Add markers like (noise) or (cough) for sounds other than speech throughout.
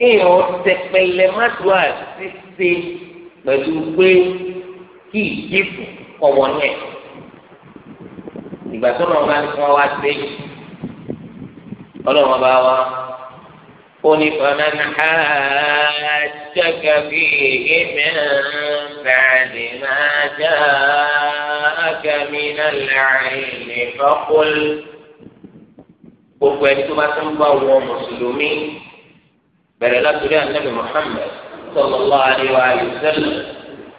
kéèyàn tẹpẹlẹ má tó àṣìṣe pẹ̀lú pé kí ìdìbò kọ̀wọ́ náà ìgbà tó náà bá ní kí wọ́n wá sí ọlọ́run bá wá ó ní fọmọ́n àjẹgà bí èmi bàdé máa já àgàmínà láàrin nìfọ́kùn gbogbo ẹni tó bá tó bá wọn mùsùlùmí bẹ̀rẹ̀ látòrí ànábì Muhammad sallallahu alaihi wa sallam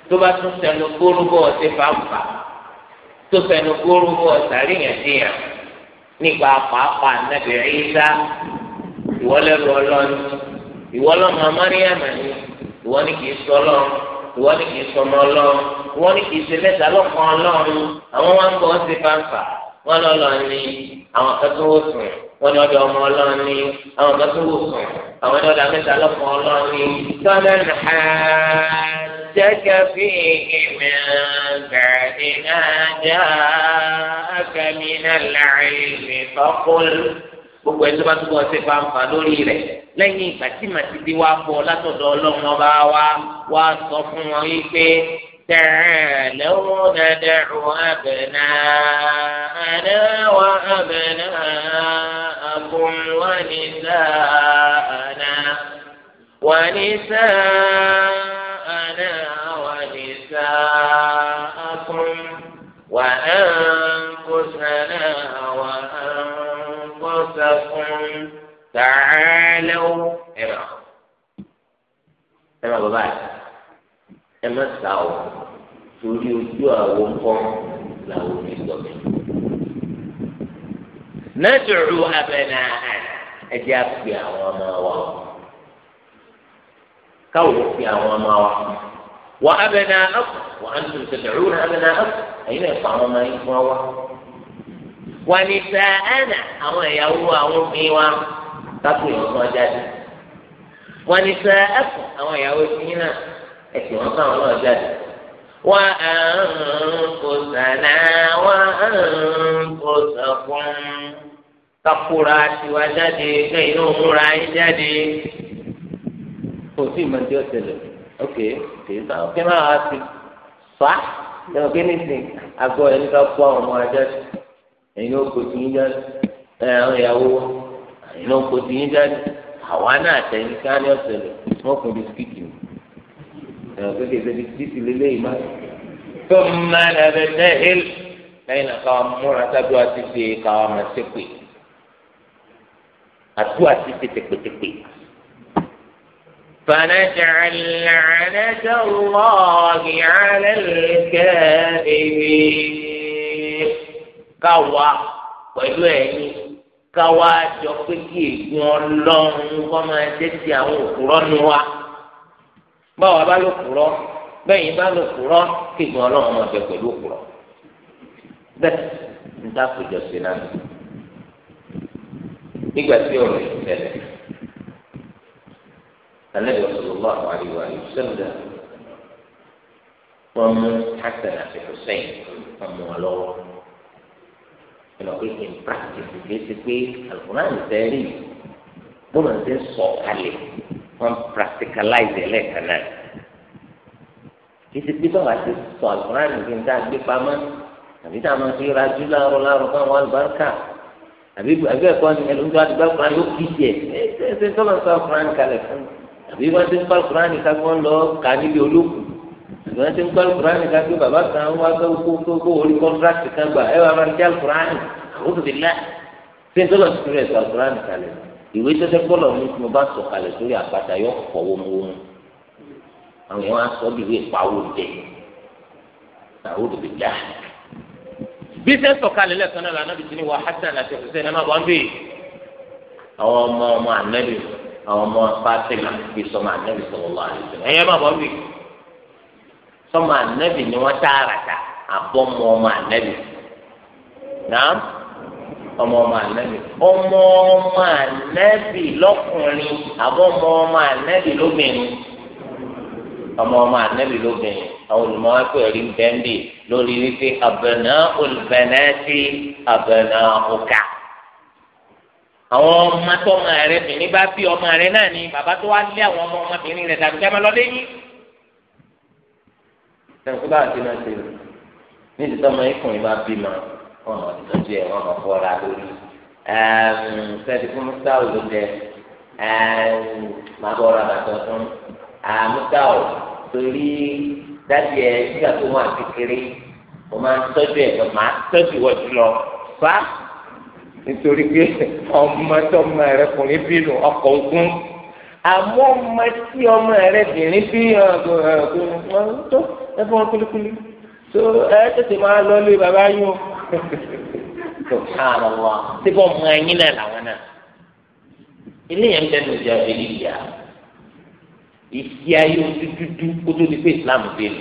tó bá tún sẹnu kóró bọ́ ọ sí fàǹfà tó sẹnu kóró bọ́ ọ sàríyànjiyàn nípa pàápàá ànábì Ìsá ìwọlẹ́rù ọlọ́ni ìwọlọ́mọ amáríyàmà ni ìwọ ni kìí sọ ọlọ́run ìwọ ni kìí sọmọ ọlọ́run ìwọ ni kìí ṣe mẹ́ta lọ́kàn ọlọ́run àwọn wọn bọ̀ ọ sí wọn lọ́ọ́ lọ àwọn akẹ́kọ̀ọ́ sùn wọn ni ọdọ ọmọ Ọlọ́run ni àwọn kan tó wò sùn àwọn ni ọdọ mẹ́ta lọkọ Ọlọ́run ni tọ́lá ní àjẹkẹ fi ìmọ̀ bẹ̀rẹ̀ náà já akẹ́mi náà láàrin ìfọ́kùnrin gbogbo ẹni tó bá túbọ̀ ṣe fanfa lórí rẹ̀ lẹ́yìn ìgbà tí màtí bí bọ̀ látọ̀dọ̀ Ọlọ́run ọba wa wàá sọ fún wọn yìí تعالوا ندع أبناءنا وأبناءكم ونساءنا ونساءنا ونساءكم وأنفسنا وأنفسكم تعالوا إمام إيه إمام إيه ẹ má sá o torí ojú àwọn ńkọ́ làwọn òbí sọ mi. nàdùrù abẹ́nà ẹ jẹ́ pè àwọn ọmọ wa káwọn fi àwọn ọmọ wa wà abẹ́nà ọkọ̀ wà á tún tẹ̀lẹ̀rù abẹ́nà ọkọ̀ ẹ̀yin náà pa àwọn ọmọ yín fún wa. wà ní eyin naa fa àwọn ìyàwó sẹ́ àwọn mi wa kápẹ́ ọ̀sán jáde wà ní sẹ́ sàánà àwọn ìyàwó ti yín náà. ẹ̀sìn wọn káwọn náà jáde. wà á ń kó sànà wà á ń kó sàkún kakura tiwa jáde kẹ́yìn náà múra yín jáde. kò sí ìmọ̀dé ọ̀sẹ̀lẹ̀ ok kìí sá ọ̀kẹ́ náà á ti fa ẹ̀ ọ̀kẹ́ nísìnyí àgọ́ ẹ̀ nípa kó àwọn ọmọ ajá sí ẹ̀yin náà kò sí yín jáde ẹ̀ ẹ̀ ìyàwó ẹ̀yin náà kò sí yín jáde àwa náà tẹ̀yìn ká ní ọ̀sẹ̀lẹ̀ wọ́n kò di síkìtì mi ẹ̀rọ pé kìí ṣe títí lélẹ́yìn má. tó máa nà bẹ tẹ́hìl lẹ́yìn náà káwọn múra sábẹ́ wa ti ṣe káwọn máa ṣe pè àtú àti ṣe tẹ̀pẹ̀tẹ̀pẹ̀. فنجعل لعنة الله على الكاذبين كوا pẹ̀lú ẹ̀yin káwá jọ pé kí ègún ọlọ́run kọ́ máa jẹ́ ti àwọn òkúrọ́nu wa báwa bá lò kúrọ bẹ́yìn bá lò kúrọ kéègbọn ọlọ́run máa bẹ pẹ̀lú òkúrọ bẹ́ẹ̀ níta kòjọ sí náà nígbà tí ọ̀rọ̀ yìí tẹ́lẹ̀ alẹ́ sallallahu alaihi wa sallam wọ́n mú Hasan àti Hussein wọ́n mú wọn lọ́wọ́ pé in practice kìí ṣe pé alukóran tẹ́lẹ̀ bọ́lá ti ń sọ̀ kalẹ̀ wọn practicalize ẹlẹ́ẹ̀kan náà títí pípọ̀ àti sọ àlùkùránì kí n tá a gbé pamọ́ àbí tá a máa fi rajú láàárọ̀ láàárọ̀ fún àwọn àlùbáríkà àbí àbí ẹ̀kọ́ ni ẹlòmíì tó a ti gbá kùránì yóò kí tiẹ̀ ẹ ẹ ṣe tọ́lọ̀ sọ kùránì kalẹ̀ fún àbí wọ́n ti ń pa kùránì kagbọ́n lọ kà níbi olókùn àbí wọ́n ti ń pa kùránì kagbọ́n bàbá kan wá gbọ́ kó kó orí kọ́ńtrákì kan gbà ẹ wà máa ìwé tẹ́tẹ́ gbọ́dọ̀ mú tí mo bá sọ̀kalẹ̀ sórí àpáta yọ pọ̀ wọ́mọ́wọ́mọ́ àwọn èèyàn á sọ bí ìwé ìpawó jẹ àwọn òbí dá. bí sẹ́ sọ̀kalẹ̀ lẹ́ẹ̀kan náà lànà bìtìní wa hasan àti ọ̀sẹ̀ ẹ̀ má bọ́ ń bè àwọn ọmọ ọmọ ànẹ́bì àwọn ọmọ fatima bí sọmọ ànẹ́bì sọlọ́lá àdìsẹ́ ẹ̀yẹ́ má bọ́ ń sọmọ ànẹ́bì ni wọ́n tààràtà àbọ̀mọ ọmọ ànẹ́bì náà ọmọ ọmọ ànábì ọmọ ọmọ ànábì lọ́kùnrin àbọ̀ ọmọ ọmọ ànábì lóbìnrin ọmọ ọmọ ànábì lóbìnrin àwọn olùmọ̀ọ́ pé rí bẹ́ńdì lórí wípé àbẹ̀nà olùbẹ̀nẹ́sì àbẹ̀nà ọ̀kà àwọn ọmọ tó ọmọ rẹ bìnrin bá bí ọmọ rẹ náà ni bàbá tó wá lé àwọn ọmọ ọmọbìnrin rẹ dàbí kẹ́mẹ́ lọ léyìn. ṣé nǹkan bá àti náà ṣe ní ìdí tó ọmọ ikùn yìí bá wọn mọ ìtọ́jú ẹ wọn mọ fọra lórí sẹ́ẹ̀dì fún mùsàlù ló jẹ màá bọ̀ ra bàtọ̀ fún mùsàlù torí dájú ẹ nígbà tó wọn àti kiri mo máa ń tọ́jú ẹ màá tọ́jú wọ́n jùlọ fa nítorí pé ọmọ tọmọ rẹ kùnrin bínú ọkọ̀ ogun àmọ́ ọmọ tí ọmọ rẹ bìnrin bí ọ̀gbọ̀n tó ẹ fún wọn kulikuli tó ẹ tètè máa lọ lé bàbá yín o subhanallah síbò mọ ẹyin náà làwọn náà ilé yẹn bẹ́ẹ̀ ló jẹ́ abẹ́lé ayé ojú dúdú kó tó di pé islam bẹ́ẹ̀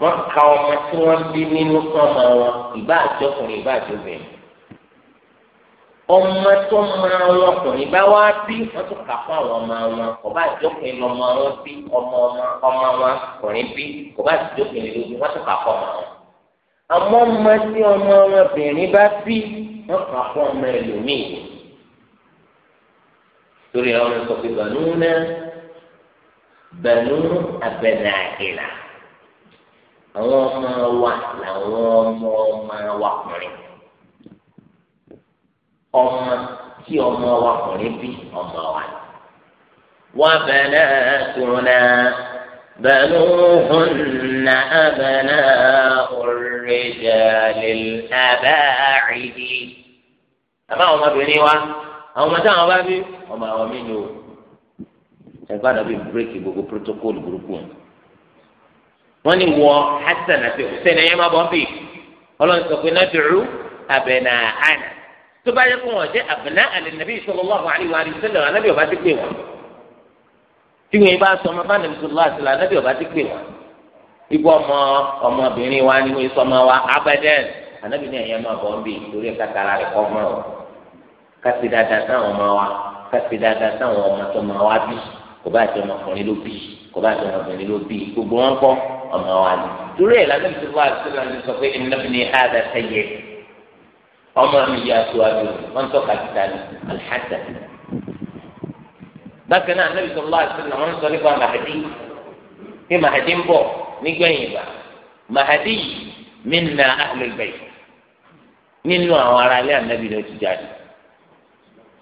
wọ́n ka ọmọ tí wọ́n bí nínú sọ́mọ wọn ìbá àjọkùnrin ìbá àjọbìnrin ọmọ tó máa wọn ọkùnrin bá wá bí wọ́n tún kà fún àwọn ọmọ wọn kò bá àjọkùnrin lọ́mọ wọn bí ọmọ ọmọ ọmọ wọn ọkùnrin bí kò àjọkùnrin lójú wọ́n tún kà fún ọmọ wọn àmọ́ ọmọ tí ọmọ ọmọbìnrin bá bí wọ́n kà fún ọmọ ẹlòmíì torí àwọn ọmọ sọ̀kè bànú náà bànú abẹ́nà àkìlà àwọn ọmọ wa làwọn ọmọ ọmọ wa kùnrin ọmọ tí ọmọ wa kùnrin bí ọmọ wa wà bẹ́ẹ̀ náà náà bẹ́ẹ̀ hùn náà bẹ́ẹ̀ náà الرجال الأباعد أما هو بنيوا àwọn ọmọ táwọn bá bí ọmọ àwọn mí ni o ẹgbẹ́ àdàbí bírèkì gbogbo protocol burúkú wọn ni wọ hasan àti hussein ẹ̀yẹ́ máa bọ́ bí ọlọ́run sọ pé náà dùrú abẹ́nà àná tó bá yẹ kó wọn jẹ́ abẹ́nà àlè nàbí sallallahu alaihi wa sallam anábì ọba ti pè wọn tí wọn bá sọ ọmọ bá nàbí sallallahu alaihi anábì ọba ti pè wọn ibú ọmọ ọmọbìnrin wa ni wọ́n sọ ọmọ wa abẹ́dẹ́n ànábì ní ẹ̀yẹ́ máa bọ̀ ń bì lórí kàtàrà rẹ̀ kọ́ mọ́ ọ kásì dáadáa sáwọn ọmọ wa kásì dáadáa sáwọn ọmọ tó máa wá bí kò bá àti ọmọkùnrin ló bí kò bá àti ọmọbìnrin ló bí gbogbo wọn kọ́ ọmọ wa ni torí ẹ̀ lábẹ́ mi ti fọ́ àtúntò sọ pé ẹnìyàn ní àdá sẹ́yẹ ọmọ mi yà síwájú wọn tọ́ka títà ní alhàdà bákan náà ànábì sọ lọ́wọ́ àti sọ nígbẹ̀yìn bá mahadi minna ahlul bayt nínú àwọn ará ilé ànábì ló ti jáde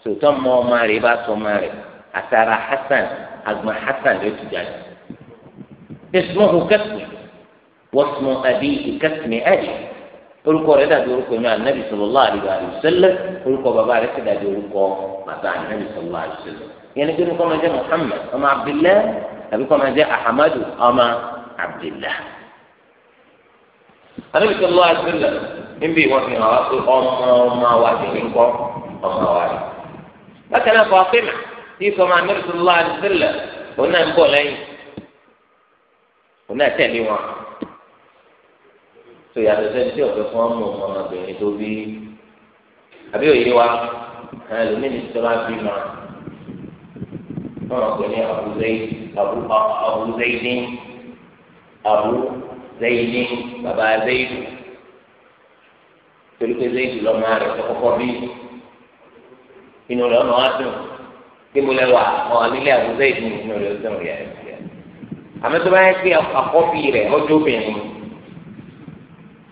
sòtọ́ mọ ọmọ rẹ̀ bá sọ ọmọ rẹ̀ àtàrà hasan agbọn hasan ló ti jáde ismuhu kasmi wasmu abihi kasmi ali orúkọ rẹ̀ dàbí orúkọ inú ànábì sallallahu alaihi wa sallam orúkọ bàbá rẹ̀ sì dàbí orúkọ bàbá ànábì sallallahu alaihi wa sallam yẹn ni kí ni kọ́ máa jẹ́ muhammad ọmọ abdullahi àbí kọ́ máa jẹ́ ahamadu ọmọ abdillah anabi sọlọ asílẹ níbi ìwọ̀n fi hàn wá pé ọmọ ọmọ wa ti ní kọ́ ọmọ wa rẹ̀ bákan náà Fatima tí sọmọ anabi sọlọ asílẹ òun náà ń bọ̀ lẹ́yìn òun náà tẹ̀lé wọn tó yàtọ̀ sẹ́ni tí ọ̀fẹ́ fún ọmọ ọmọbìnrin tó bí àbí òye wa ẹlòmíì ní sọlá bí ma wọn kò ní àbúzẹ́yìn àbúzẹ́yìn abu zayini baba zayidu torí pé zayidu lọ́mọ rẹ̀ kọ́kọ́ bí inú rẹ̀ ọ̀nà wa dùn kí mo lẹ́wà ọ̀ nílé abu zayidu inú rẹ̀ dùn yẹ ẹ̀ àmì tó bá yẹ kí akọ́bí rẹ̀ ọjọ́ obìnrin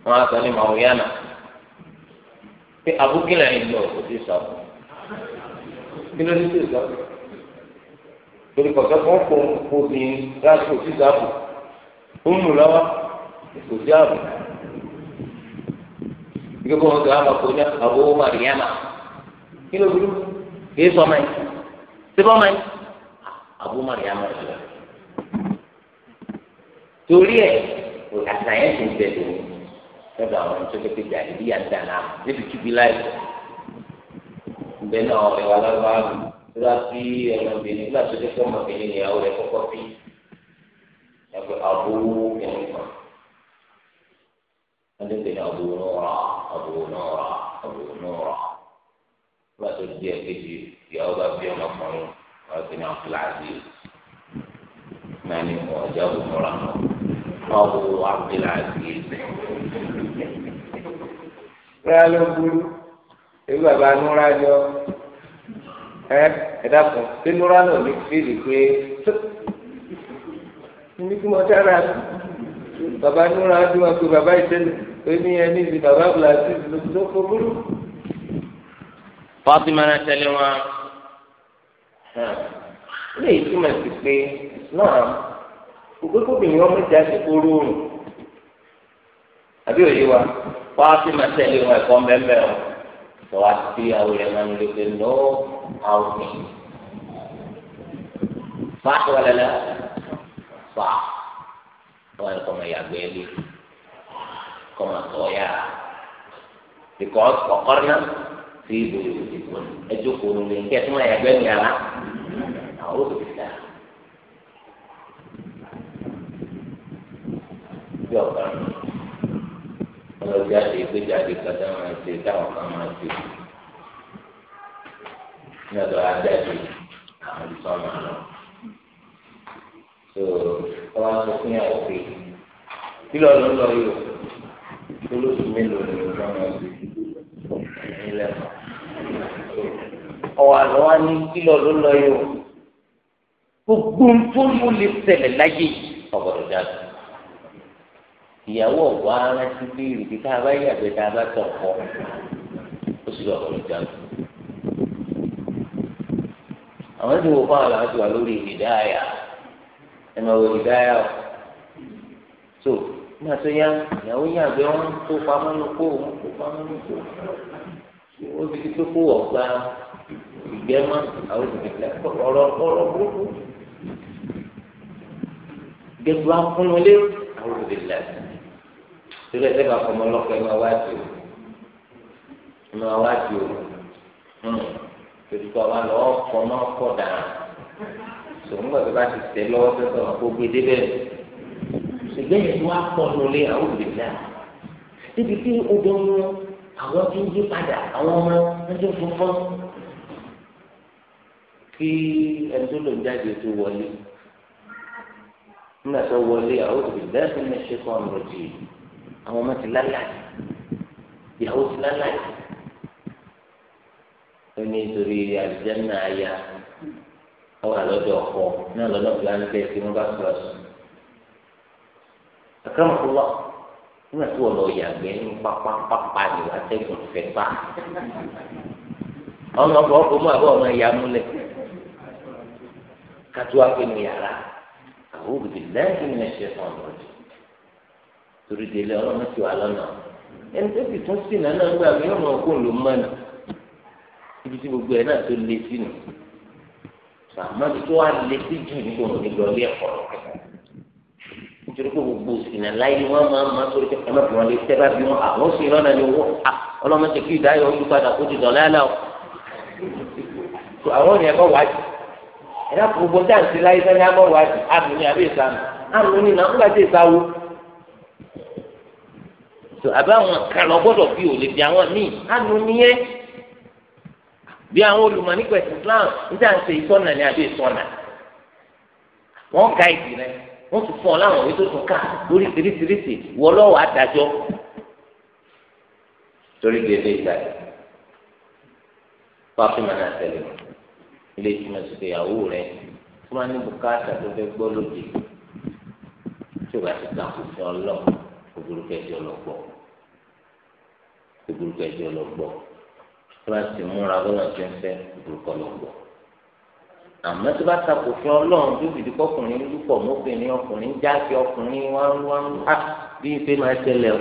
wọn á sọ ní màwúyánà pé abúkílà yìí lọ kò sí sọ kí ló ní sí sọ torí kọ̀ọ̀kan fún kò kò bí rásìkò sọ àbùkù ó ń rùn lọ́wọ́ kò sí ààbò ìgbẹ́ bọ́ wọn gbé wọn kó ní àbówó màríyàmà kí ló burú kì í sọ ọmọ yìí sí bọ́ ọmọ yìí àbó màríyàmà ṣe torí ẹ̀ àtàyẹ̀ ti ń bẹ̀ lónìí lọ́dọ̀ àwọn ẹni tó lé pé jàdí bí yàtọ̀ náà níbi kíbi láì ìgbẹ́ náà ẹ̀wà lọ́wọ́ àrùn tó bá fi ẹ̀rọ nígbà tó lé fún ọmọbìnrin ìyàwó rẹ̀ kọ́kọ́ fi ẹgbẹ́ abúrú kẹ́kọ̀ọ́ ẹni pé abúrú nùrà abúrú nùrà abúrú nùrà wọ́n ti di ẹ̀kejì ìyàwó bá bí ọmọkùnrin wọ́n ti ní àfúlàzì nani ọjà òmùra ọ̀bù àfúlàzì rárá ló burú ebi bàbá nùrà jọ ẹ ẹ dàpọ̀ sí nùrà náà ní fíìlì pé níbi tí mo dára bàbá núra dùn àpè bàbá ìtẹ́lẹ̀ pé ní ẹni ìdí bàbá blasí ló kó burú. Fatima náà tẹ́lẹ̀ wọn ilé ìtumọ̀ sí pé náà ògbékòbìnrin ọmọ ìjà ti kóró òrùn àbí òye wa Fatima tẹ̀lé wọn ẹ̀kọ́ mbẹ́mbẹ́ wọn tó wá sí àwọn ẹ̀rọ máa ń lè pe no outing. Fáwọn ọ̀lẹ́lẹ́ fà wọ́n yẹ kọ́ máa yàgbẹ́ lé kọ́ máa ya because ọ̀kọ́rọ́nà ti ìbò ìbò ẹjọ́ kò lè kí ẹ tó máa yàgbẹ́ ní ara àwọn òbí ta bí ọ̀gá ọlọ́jáde ìgbéjáde kọjá máa ṣe táwọn kan máa ṣe ní ọ̀dọ̀ adájọ́ àwọn ìsọ̀rọ̀ náà tó ọwọ́ aṣọ fún yàrá pé kí lọ ló ń lọ yìí o olóṣù mélòó ni o máa ń lò nílẹ̀ ọwọ́ àlọ́ wa ní kí lọ ló ń lọ yìí o gbogbo tó mú lè ṣẹlẹ̀ láyé ọ̀gọ̀dọ̀ jáde ìyàwó ọ̀wọ́ ara ti bí ìrìbí tá bá yàgbẹ́ tá bá tọ̀ kọ́ ó sì lọ ọ̀gọ̀dọ̀ jáde àwọn ìdìbò fún àwọn àti wà lórí ìdáyà ẹ máa wọ ìdáyà o so nígbà tó yá ìyàwó yà bẹ wọn kó pamọ́ ní kó wọn kó pamọ́ ní kó ó ti tó kó ọ̀gá ìgbẹ́ mọ́ àwọn ìgbẹ́ ọ̀rọ̀ ọ̀rọ̀ burúkú gbẹdúrà fúnnu lé àwọn ìgbẹ́ torí ẹ bá fọmọ lọkọ ẹ máa wá sí o ẹ máa wá sí o hmm. torí pé ọba lọ fọmọ kọ dáa tòun gbà tó bá ti tẹ lọ́wọ́ tó tọ̀ kó gbé débẹ̀ ṣùgbọ́n yẹn tó wá pọ̀ lólé àwọn òbílẹ̀ níbi tí odò mu àwọn tó ń yí padà àwọn ọmọ wọn tó funfun kí ẹni tó lò ń jáde tó wọlé nígbà tó wọlé àwọn òbílẹ̀ tó ń ṣe kọ́ ọ̀rọ̀ jì àwọn ọmọ ti lálàyé ìyàwó ti lálàyé ó torí àlùjẹ́ náà ọwọ́ àlọ́dọ̀ ọkọ náà lọ́nà fúlàní pé kí wọ́n bá sọ ọ̀sùn. àkàràmọ̀kúwà nígbà tí wọ́n lọ yàgbẹ́ ní pápápápá ni wàá tẹ́gùn fẹ́ bá. ọmọ ọkọ̀ ọkọ̀ mú àbọ̀ ọmọ ìyá múlẹ̀ kátúwá pé ní yàrá àwọn òbí lẹ́yìn ti tún sàmọ́tò tó wà létí jù nígbà wọn nígbà ọlẹ́ ẹ̀kọ́ kẹta nítorí pé gbogbo ìsìnà láyé ni wọ́n máa ń máa sórí kẹta ẹ̀mọ́tò wọn lè tẹ́ bá bí wọn àwọn sì rán náà ní owó ọlọ́mọdé kí ìdáyọ̀ ojú padà kó ti dọ̀lá náà àwọn ènìyàn bọ̀ wájú ẹ̀dá gbogbo dáǹsì láyé sẹ́ni àbọ̀ wájú àmì ní àbí ìsàmì àmì ní nà ńgbà tí ìsàwó àbáwọn kan lọ gbọ́dọ̀ bí òlè bí àwọn míì àmì ní yẹn bí àwọn olùmọ̀ nípa ẹ̀sìn Islam níta ń ṣe ìtọ́nà ní abẹ́ ìtọ́nà wọ́n ga ìdì rẹ wọ́n tún fún ọ láwọn òwe tó tún ká lórí tìrìtìrìtì wọ́ lọ́wọ́ adájọ́ torí gbèdé ìgbà yìí Fatima náà tẹ̀lé ilé ìtumọ̀ sí pé ìyàwó rẹ tó máa ní bùkátà tó fẹ́ gbọ́ lóde tí o ti kà kó fún ọ lọ lọ gbọ́ òbúrú lọ gbọ́ tó bá ti múra lọ́nà tó ń fẹ́ ìdúrókọ ló ń bọ̀ àmọ́ tó bá takò fún ọlọ́run tó fìdí kọkùnrin lúpọ̀ mọ́bìnrin ọkùnrin jáde ọkùnrin wọ́n wọ́n á bí ife máa tẹ́lẹ̀ o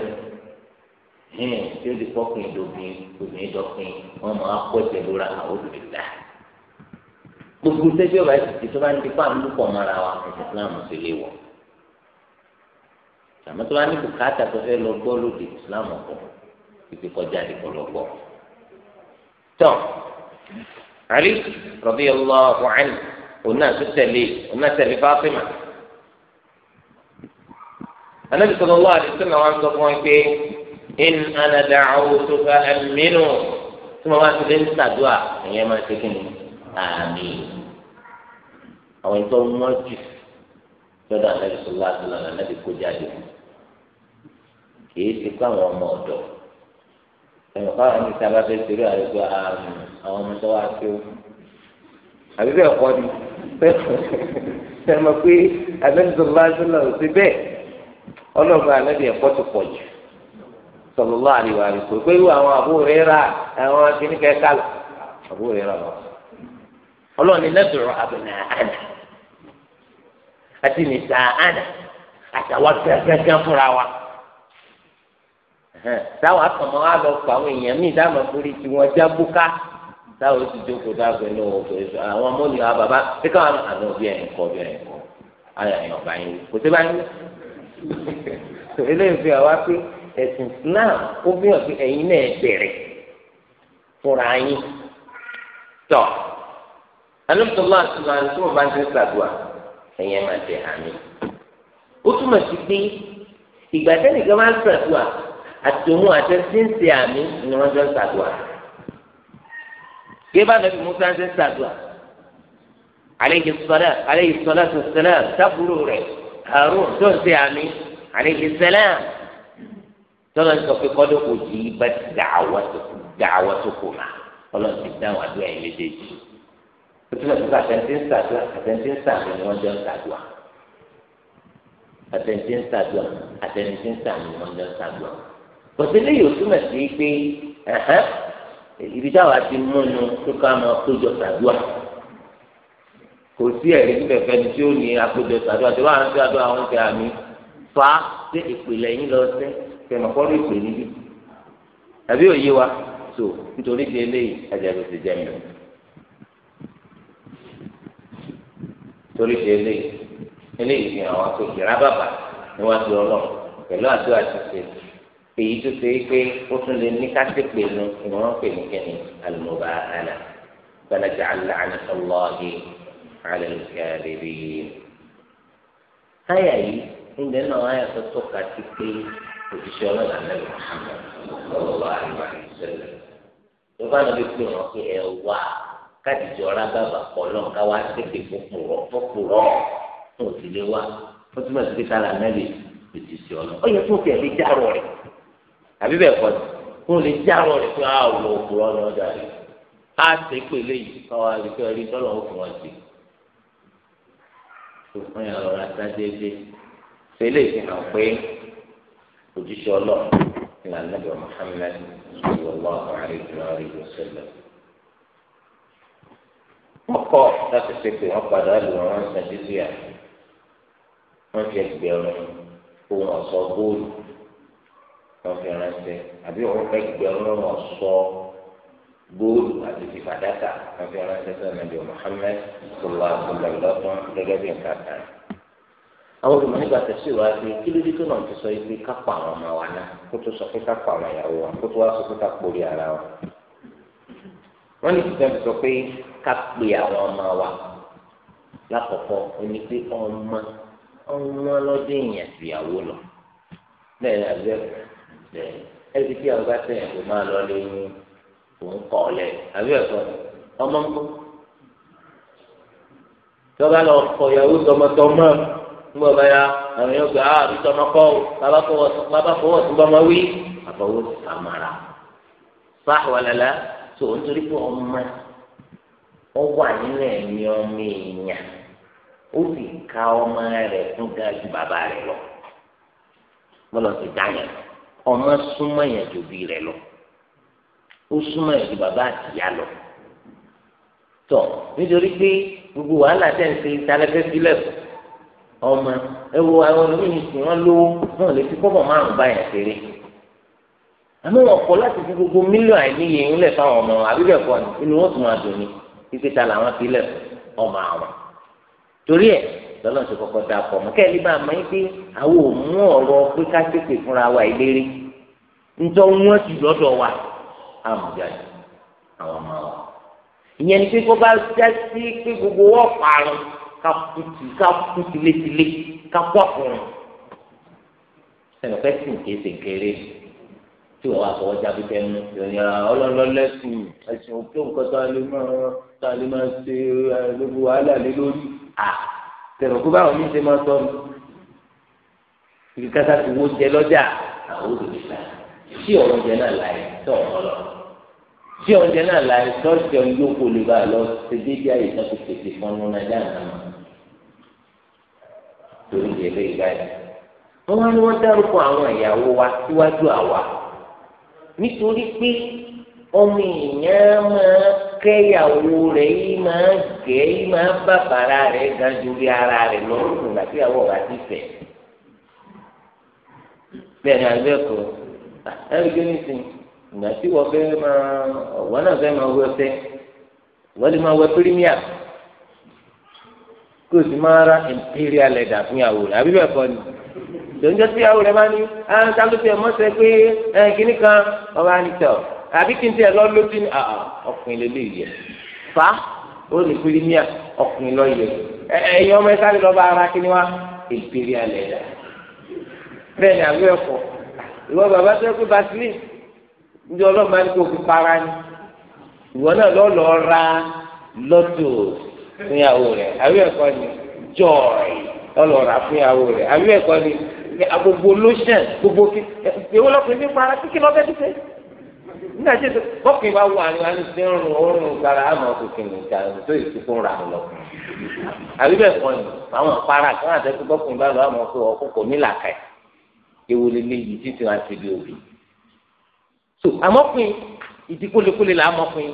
hẹ́n tí ó di kọkùnrin dòbin obìnrin dọ́kùn wọ́n máa kọ́ ẹ̀jẹ̀ lóra àwọn olùdílà gbogbo sẹ́jọ́ bá ti tó bá ń tipa ń lúpọ̀ mọ́ra wa ẹ̀sìn Islam ti lé wọ̀ àmọ́ tó bá ní bùkátà tó fẹ́ lọ gbọ́ lóde Islam ọ̀pọ̀ ìpè kọjá àdìpọ̀ lọ gbọ́ tán Ali radiyallahu anhu òun náà tó tẹ̀lé òun náà tẹ̀lé Fatima anabi sallallahu alaihi wasallam wa sọ fún wọn pé in ana da'awtu fa aminu tí mo bá ti lé ní sàdúà ìyẹn máa ṣe kí ni àmì àwọn ìtọ́ wọn jù lọ́dọ̀ anabi sallallahu alaihi wasallam anabi kó jáde kì í ti kó àwọn ọmọ ọ̀dọ́. ẹ̀rọ fáwọn ní sábà fẹ́ àlejò àwọn ọmọ tó wá sí o àbí bẹ́ẹ̀ kọ́ ni ṣe mọ̀ pé abẹ́nusọ̀lá ṣọlá ò sí bẹ́ẹ̀ ọlọ́run àlẹ́bí ẹ̀kọ́ ti pọ̀ jù sọlọ́lá àríwá rẹ̀ pé pé àwọn àbúrò rẹ̀ rà àwọn akíníkẹ́ kálọ̀ àbúrò rẹ̀ rà lọ. ọlọ́run ní lẹ́tọ̀rọ̀ àbẹ̀nà àti nìta àná àtàwọn gẹ́gẹ́ fúnra wa. táwọn akọ̀mọ́ wa lọ fọ àwọn èèyàn míì dáàmú torí tí wọ́n já búká táwọn ti jókòó dáàbò ní wọn kò sọ àwọn ọmọ mi wà bàbá tí káwọn àná bí ẹ̀yìn kọ́ bí ẹ̀yìn kọ́ ayọ̀ ẹ̀yìn ọ̀bá yín kò sí báyìí (laughs) eléyìí fi àwa pé ẹ̀sìn Islam ó fi hàn pé ẹ̀yin náà bẹ̀rẹ̀ fúnra yín tọ̀ alóòtúmọ̀ àtúmọ̀ àtúmọ̀ bá ń tẹ́ sàdúà ẹ̀yẹn máa tẹ̀ àmì ó túmọ̀ sí pé ìgbà tẹ́nìkan máa ń sàdúà àtòhun àtẹsíǹsì àmì ni wọn jọ ń ṣàdúrà gébà nàbí musa ń ṣàdúrà aleyhi sọlá aleyhi sọlá tó sẹlẹ sábúrò rẹ harun tó ń ṣe àmì aleyhi sẹlẹ tọ́lá ń sọ pé kọ́dọ̀ kò jí bá dàwọ́ tó kù mà ọlọ́run ti dáhùn àdúrà yìí méjèèjì ó túnbọ̀ tó àtẹ̀ǹtì ń ń ṣàmì ni wọ́n jọ ń ṣàdúrà àtẹ̀ǹtì ń ṣàdúrà àtẹ̀ǹtì ń ṣàmì ni wọ́n jọ ń ṣàdúrà kòsí léyìí ó túmọ̀ sí pé ibi táwa ti múnu tó ká máa kójọ sàdúà kò sí ẹ̀rí tó fẹ́fẹ́ ni tí ó ní àkójọ sàdúà tí wọ́n á ń fi àdúrà wọn fi àmì fa sí ìpìlẹ̀ yín lọ sí tẹ̀mọ̀kọ́rọ̀ ìpè níbí tàbí òye wa tó nítorí di eléyìí ajẹ́rò ti jẹ́ mi torí di eléyìí eléyìí fi hàn wá pé ìrábàbà ni wọ́n ti ọlọ́run pẹ̀lú àdúrà ti ṣe èyí tó ṣe pé ó tún lè ní kásìpè nu ìwọ́n pè ní kẹ́ni àlùmọ́bà àlà gbalaja àlà ànàtọ́lọ́ọ̀hì àlẹ́ ìkàlẹ́bí. táyà yìí ń bẹ́ẹ̀ náà wáyà tó tọ́ka sí pé òṣìṣẹ́ ọlọ́dà lẹ́nu Muhammad lọ́wọ́ àríwá ìṣẹ̀lẹ̀. ìwọ́n náà fi pè wọ́n pé ẹ wá kádìjọ́ rábàbà pọ̀ lọ́n ká wá sépè fọ́pùrọ́ fún òsì àbí bẹ́ẹ̀ kọ́ ni kó lè jáwọ́ rẹ̀ pé àwọn òkúrọ̀ ni wọ́n darí á ṣe pé léyìí káwọn àdìpẹ́ rí tọ́lọ̀ ó fún wọn sí òfin ọ̀rọ̀ àtàdédé fẹlẹ̀ fi hàn pé òjíṣẹ́ ọlọ́run ní anábìá Muhammad sallallahu alaihi wa alihi wasallam wọ́n kọ́ láti ṣe pé wọ́n padà lù wọ́n ń sàdédé à fi ẹgbẹ̀rún ohun ọ̀sọ́ góòlù lọ́fẹ̀ẹ́ ránṣẹ́ àbí ẹgbẹ̀rún ọ̀ṣọ́ góòlù àti fìfàdákà lọ́fẹ̀ẹ́ ránṣẹ́ sọ́dọ̀ nàbí Muhammad sọlá àbúlá lọ́fọ́n gẹ́gẹ́ bí nǹkan kan. àwọn olùmọ̀ nígbà tẹ̀sí wa pé kí ló dé tó náà ti sọ pé ká pa àwọn ọmọ wa náà kó tó sọ pé ká pa àwọn ìyàwó wa kó tó wá sọ pé ká porí ara wa. wọ́n ní sísẹ́ sọ pé ká àwọn ọmọ wa lákọ̀ọ́kọ́ oní pé ọmọ ọmọ lọ́dún ìyàn ìyàwó lọ lẹ́yìn ẹbí tí àwọn bá sẹ́yìn kò máa lọ lé ní òun kọ̀ lẹ̀ àbí ẹ̀kọ́ ọmọ ń kọ́ tí wọ́n bá lọ kọ ìyàwó tọmọtọmọ ńgbọ́ bá ya àwọn yóò gbé ah bí tọmọ kọ́ o bàbá fọwọ́ sí bọ́mọ wí àbọ̀wọ́ àmàrà fáwọlẹ́lá tó ń torí pé ọmọ ọ wà nílẹ̀ ní ọmọ èèyàn ó sì ka ọmọ rẹ̀ fún ga bàbá rẹ̀ lọ bọ́lá ti dá yẹn ọmọ súnmọ́ yẹn ju bí rẹ̀ lọ ó súnmọ́ yẹn ju bàbá àtìyá lọ tọ nítorí pé gbogbo wàhálà tẹ̀ ń ṣe ìtàlẹ́fẹ́ sílẹ̀ fún ọmọ ẹ wo àwọn olóyìn tí wọ́n lówó wọn lè fi kọ́bọ̀ márùn-ún báyẹn ṣeré àmọ́ wọn kọ̀ láti fi gbogbo mílíọ̀nù àìníye ńlẹ̀ fáwọn ọmọ àbíbẹ̀kọ inú wọn tún máa dùn ní ìpèsè làwọn fi lẹ̀ fún ọmọ àwọn torí ẹ̀ lọ́nà tó kọ́kọ́ da pọ̀ mọ́ kẹ́lí bá a mọ̀ pé àwọn ò mú ọ̀rọ̀ pé ká tètè fúnra wa ìlérí ńtọ́ wọ́n ti lọ́dọ̀ wa àmújáde àwọn ọmọ wa ìyẹn ni pé kó bá já sí pé gbogbo wọ́n parun ká kùtù ká kùtù létílé ká pọ̀ kùrùn sẹ́nu fẹ́ sìn kéésì kéré tí wọ́n wá fọwọ́ jábí tẹnu ìròyìn ọlọ́lọ́lẹ́sìn ẹ̀sìn òkè òǹkọ́ta lè máa ta lè máa ṣe ẹ̀ẹ́dẹ́gbẹ̀wá tẹ̀lé kó báwọn mi ṣe máa sọ mi ibi kásá ti wo jẹ lọ́jà àwọn olùdíjà tí ọ̀rọ̀ jẹ náà láyé tó ọ̀rọ̀ lọ tí oúnjẹ náà láyé tọ́jú ọ̀hún yóò kó lè bá a lọ ṣe déédéé àyè tó ti tètè fún un náà dáná torí ìdílé ìgbàlè wọ́n wá ní wọ́n dárúkọ àwọn ìyàwó wa síwájú àwa nítorí pé ọmọ èèyàn máa kẹ́yàwó rẹ̀ yìí máa gẹ̀ yìí máa bá bàrà rẹ̀ gan ju bí ara rẹ̀ lọ nígbà tí àwọn ọ̀rọ̀ àti fẹ̀. bẹ́ẹ̀ ni àgbẹ̀ kọ ẹ̀rí kí ìgbà tí wọ́n fẹ́ máa ọ̀wọ́n náà fẹ́ máa wọ ẹsẹ̀ wọ́n lè máa wọ pírímíà kí o sì máa ra imperial ẹ̀dà fún ìyàwó rẹ̀ àbí bẹ́ẹ̀ kọ́ ni tòun jẹ́ sí ìyàwó rẹ̀ bá ní ah, ẹ̀ ń sálùfẹ́ mọ́sẹ̀ pé ẹ̀ kìnnìkan àbí kí n tiẹ̀ lọ lójú ní ọkùnrin lélẹ̀ yẹ fa ó ní pírímíà ọkùnrin lọ yẹ ẹ̀yin ọmọ ẹ̀sán lọ bá ara kíni wá ìgbéri alẹ̀ dà bẹ́ẹ̀ ni àbí ẹ̀kọ́ ìwọ bàbá tó yẹ kó basili ní ọlọ́mọ ẹni kò fi para ni ìwọ náà lọ lọ ra lọ́tò fúnyàwó rẹ̀ àbí ẹ̀kọ́ ni jọ́ọ̀ì ọlọ́ra fúnyàwó rẹ̀ àbí ẹ̀kọ́ ni gbogbo lotion gbogbo kí ewu lọkùnrin ní para kíkí lọ́bẹ̀ẹ́ nígbà tí bọ́ọ̀kì bá wà ní wàá sí ọrùn ọrùn gbára àmọ́ òkè nìjà tó ìsìnkú ra lọ. àbí bẹ́ẹ̀ kọ́ ni àwọn àpárá kí wọ́n àtẹ́kù bọ́ọ̀kì bá lọ àmọ́ pé ọkọ̀ kò ní làkà ewu lele yìí títí wọn ti di òbí. so àmọ́pin ìdí kólékólé là àmọ́pin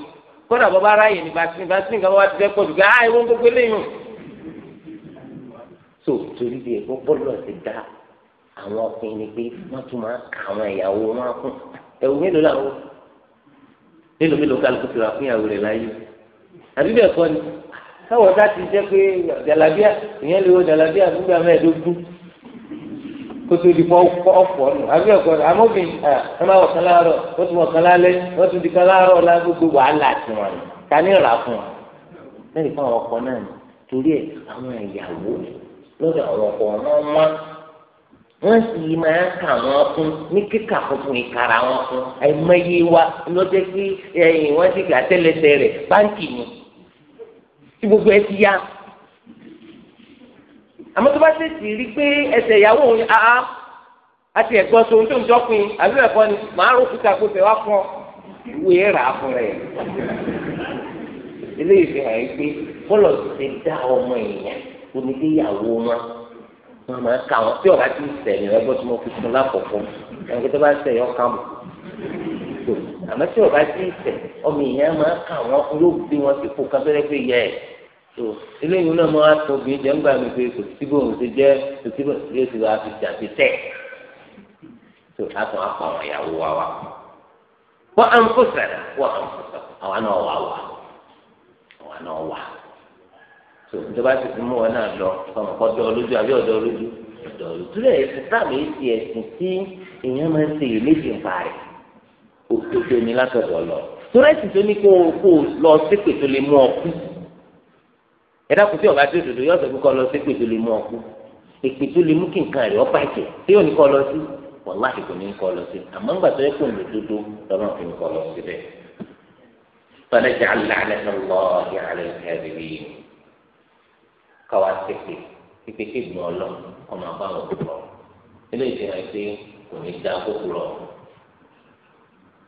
kódà bàbá aráyè ní bàtí bàtí nǹkan wá ti fẹ́ pọ̀ jù pé ah ìwọ́n gbogbo eléyìí. so torí bí ẹ̀kọ́ bọ́ọ̀lù ọ̀sẹ̀ dá àwọn ọkùnrin ni pé wọ́n tún máa kà àwọn ìyàwó wọn kún ẹ̀wù mélòó làwọn mélòó mélòó kálukú ti rà fún ìyàwó rẹ̀ láyé àbí bẹ́ẹ̀ kọ́ ni káwọn ọ̀tá ti jẹ́ pé jàlábíà ìyẹn lè wo jàlábíà nígbà mẹ́ẹ̀ẹ́dógún kótó di fọ ọ̀fọ̀ nù àbí ẹ̀kọ́ ni amófin ẹ máa wọ̀ kán láàárọ̀ wọ́n ti wọ̀ kán lálẹ́ wọ́n ti di kán láàárọ̀ la gbogbo wàhálà ti wọn ni ta ni rà fún wọn. lẹ́yìn fún àwọn ọkọ náà wọ́n sì máa kà wọ́n fún ní kíkà funfun ìkàrà wọn fún àìmọye wa ló jẹ́ pé ẹ̀yìn wọ́n ti gà tẹ́lẹsẹ̀ rẹ̀ báńkì ni tí gbogbo ẹ ti yá àmọ́ tó bá tètè rí pé ẹsẹ̀ ìyàwó òun àá àti ẹ̀gbọ́n tó ń tó ń jọ́pin àbí ẹ̀kọ́ ni màá rò kíkà kó tẹ̀ wá fún ọ ìwé rà á fún rẹ̀ eléyìí fi hàn pé bọ́lọ̀ ti dá ọmọ èèyàn onídéyàwó wọn tí wọn máa kà wọn tí ọba ti sẹ ní ẹgbẹ́ tí mo fi fún lákòókò ẹgbẹ́ tó bá sẹ yọ ká mọ tó àmọ́ tí ọba ti sẹ ọmọ ìyẹn máa kà wọn yóò gbé wọn sípò kan tó lẹgbẹ yẹ ẹ tó eléyìí náà máa tó obìnrin jẹ ńgbà mi pé kò síbò ń ṣe jẹ kò síbò yóò ti wá fi jà fi tẹ tó látọ̀ apá àwọn ìyàwó wa wa wọ́n á ń kó sẹ̀rẹ̀ wọ́n á ń kó sẹ̀rẹ̀ àwọn náà wà wà àwọn náà wà tó tó bá ti fi mú wọn náà lọ ọmọ kan àbí ọdọ lójú ọdọ lójú tó lẹ ẹsìn ti ẹsìn tí èèyàn máa ń ṣe ìlédè ń parẹ òkòtò ní látọ̀dọ̀ lọ tó rẹsì tó ní kó kó lọ ṣépè tó lè mú ọkú ẹ̀dá kò sí ọba tó dòdò yóò sọ pé kó lọ ṣépè tó lè mú ọkú èpè tó lè mú kí nǹkan rẹ̀ ọba ẹ̀jẹ̀ tí yóò ní kó lọ sí wàláhì kò ní kó lọ sí àmọ́ ńgbà tó yẹ kó lè dodo lọ́nà kò ní kó lọ sí bẹ́ẹ̀. فنجعل لعنة الله على الكاذبين káwa ṣépè pípé kí ìgbìmọ̀ ọlọ́ ọmọ àbá wọn kò lọ ilé ìfihàn pé kò ní dá kókó lọ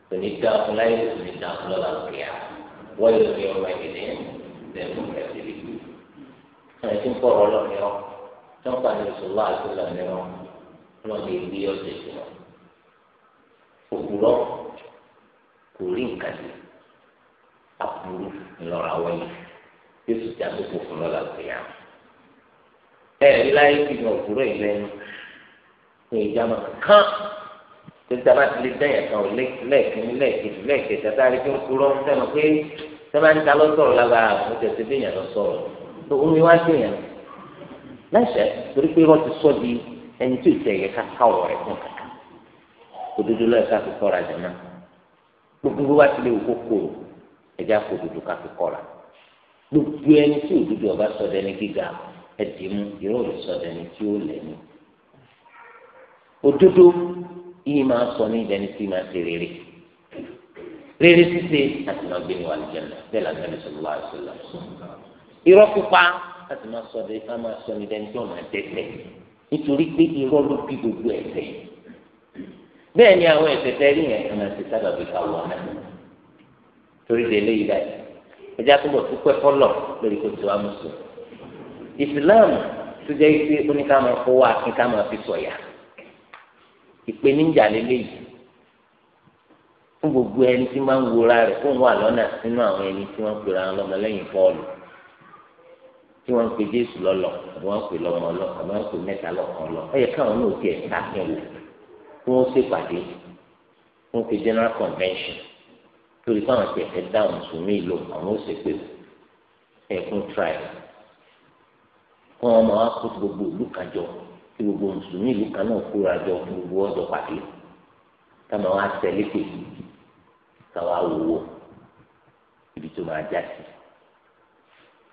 kò ní dá fún láyé kò ní dá fún lọ́la òkèèyà wọ́n yóò fi ọmọ ìdílé lẹ́nu ìrẹsìlẹ̀ ẹ̀ tí ń kọ́ ọ̀rọ̀ lọ́mọ yọ tí wọ́n pa ní ìṣòwò àti lọ́mọ yọ wọ́n lè gbé ọ̀sẹ̀ sí wọn òkúrọ̀ kò rí nǹkan sí àbúrú ńlọra wọlé yóò sì dá kókó fún lọ́la òkèèyà ẹ̀rí láyé kì í òkúrò ìlẹ́yìn kò ìjàmọ̀ kán tètè bá ti lè dẹ́yìn kan lẹ́ẹ̀kìnní lẹ́ẹ̀kejì lẹ́ẹ̀kẹta tá a rí pé ń kúrọ́ ń sẹ́nu pé sẹ́nu á ń ta lọ sọ̀rọ̀ lágbára àwọn tẹ̀sí bí èèyàn lọ sọ̀rọ̀ tó omi wá sí èèyàn lẹ́sẹ̀ torí pé wọ́n ti sọ di ẹni tó ìtẹ̀ yẹ ká ká ọ̀rọ̀ rẹ̀ fún kàkà òdodo lọ́ọ̀ ká fi kọ́ra jẹ̀ náà gbogbo wa ti lè kókó ẹ̀já kó òdodo ká fi kọ́ra gbogbo ẹni tí òdodo ọba sọ ẹdì mú irú olùsọdẹ ni tí ó lẹ ní òdodo yìí máa sọ ní ìdẹni tí máa ṣe rere rere ṣíṣe àti máa gbé ní wàlú jẹnà bẹ́ẹ̀ làbẹ ní sọlọ wàlú sọlọ irọ́ pípa àti máa sọ de ká máa sọ ní ìdẹni tí ó máa dẹ́ṣẹ̀ nítorí pé irọ́ ló bí gbogbo ẹ̀ṣẹ̀ bẹ́ẹ̀ ni àwọn ẹ̀ṣẹ̀ tẹ rí yẹn ẹnà ti sábà bí ká wọn náà torí de eléyìí báyìí ẹjẹ àtúbọ̀ tó pẹ́ fọlọ̀ lórí kò tó wá mùsùlùmí. Islam tó jẹ́ pé oníkàmọ́ fowó akínkàmọ́ fi sọ̀yà ìpèníjà lélẹ́yìí fún gbogbo ẹni tí máa ń wúra rẹ̀ fún wà lọ́nà nínú àwọn ẹni tí wọ́n pera wọn lọ́mọ lẹ́yìn Pọ́ọ̀lù tí wọ́n ń pe Jésù lọ́lọ́ àbí wọ́n ń pe lọ́mọ lọ àbí wọ́n ń pe mẹ́ta lọ́kàn lọ ẹ̀yẹ káwọn náà tiẹ̀ sáfin wò kí wọ́n ṣèpàdé wọ́n pe general convention torí káwọn tiẹ̀ fẹ́ dáhùn sùn mí lò àwọn ó ṣèpè ẹ̀kún trial wọn ọmọ wa kó gbogbo ìlú kan jọ kí gbogbo mùsùlùmí ìlú kan náà kóra jọ kí gbogbo ọjọ́ pàdé káma wa tẹlẹ pè káwa wòwò ibi tó máa já sí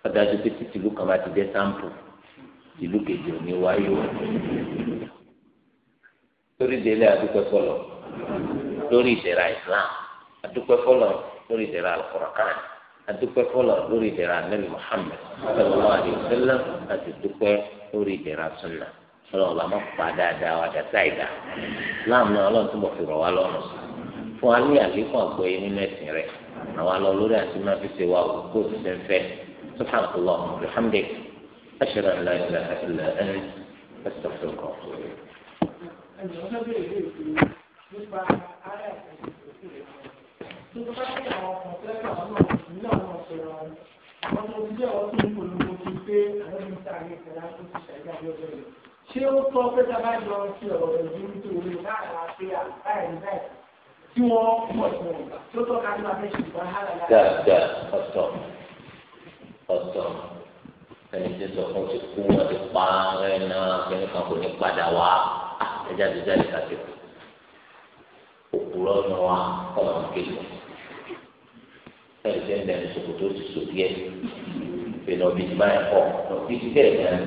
ọdájú pé títí ìlú kan bá ti jẹ sáǹpù ìlú kejì ò ní wáyé o lórí délé adúpẹ́ fọlọ lórí ìdẹ̀ra Islam adúpẹ́ fọlọ lórí ìdẹ̀ra alukọ̀rọ̀ káàdì adúpẹ́ fọlọ̀ lórí ìdẹ̀ra nẹ́bí Muhammad sallallahu alaihi wasallam àti dúpẹ́ lórí ìdẹ̀ra sunna ọlọ́run bá má pa dáadáa wá dàtà ìdá láàmú náà ọlọ́run túbọ̀ fi rọ̀ wá lọ́rùn fún wa ní àlékún àgbọ̀yé nínú ẹ̀sìn rẹ̀ àwa lọ lórí àti má fi ṣe wa kó o fẹ́ subhanallah alhamdulilayi ashhadu an la ilaha illa anta astaghfiruka wa atubu ilayk tó bá ní àwọn kọ̀ǹtẹ́ẹ̀tà náà nínú àwọn ọ̀sẹ̀rọ̀ wọn àwọn ọmọ ìdílé àwọn tó ń polówó ti pé àwọn ọmọ ìta àyè ìfẹ́ láti ti ṣàyẹ̀dá bí ọjọ́ rẹ̀ ṣé ó tọ́ pé tábà jọ ti ọ̀rọ̀ rẹ̀ ní nítorí láàrín àti àbáyé náà tí wọ́n pọ̀ sí wọn tó tọ́ ká ní máa fẹ́ ṣe ìbáhálà láti. dáadáa ọ̀tọ̀ ọ̀tọ̀ ẹni tí sọ fún ti kú wọn ti pa ẹ náà kẹ́ni kan kò ní padà wá ẹjáde jáde kàtẹ́kù òpùrọ̀ ọ̀nà wa ọ̀nà kéjì ẹ̀rí tẹ́ ẹ̀dá ní sòkòtò ti sòdí ẹ̀ fèrè ọ̀bí ti máa kọ̀ ọ̀bí ti tẹ̀ ẹ̀dá ní.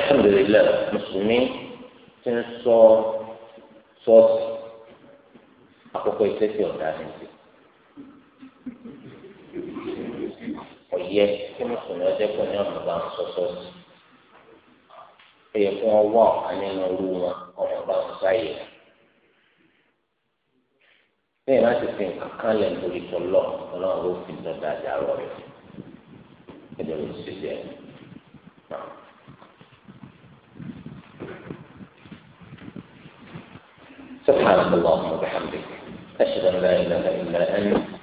alhamdulilayi musulmi ti ń sọ sọọsi àkókò ìsẹsẹ ọ̀daràn sí i. yẹ kí mùsùlùmí ọjọ́ pé ní ọ̀nà bá ń sọ sí i. yẹ fún ọwọ́ wá ọ̀kan nínú wọn ọ̀nà bá ń sáyè bẹ́ẹ̀ má ti fi nǹkan kan lẹ̀ lórí nítorí tọ́lọ̀ ọlọ́run ló fi dọ́dà rọ̀ rẹ̀ ẹ̀dọ̀ ló ṣe jẹ́ náà. سبحانك اللهم وبحمدك أشهد أن لا إله إلا أنت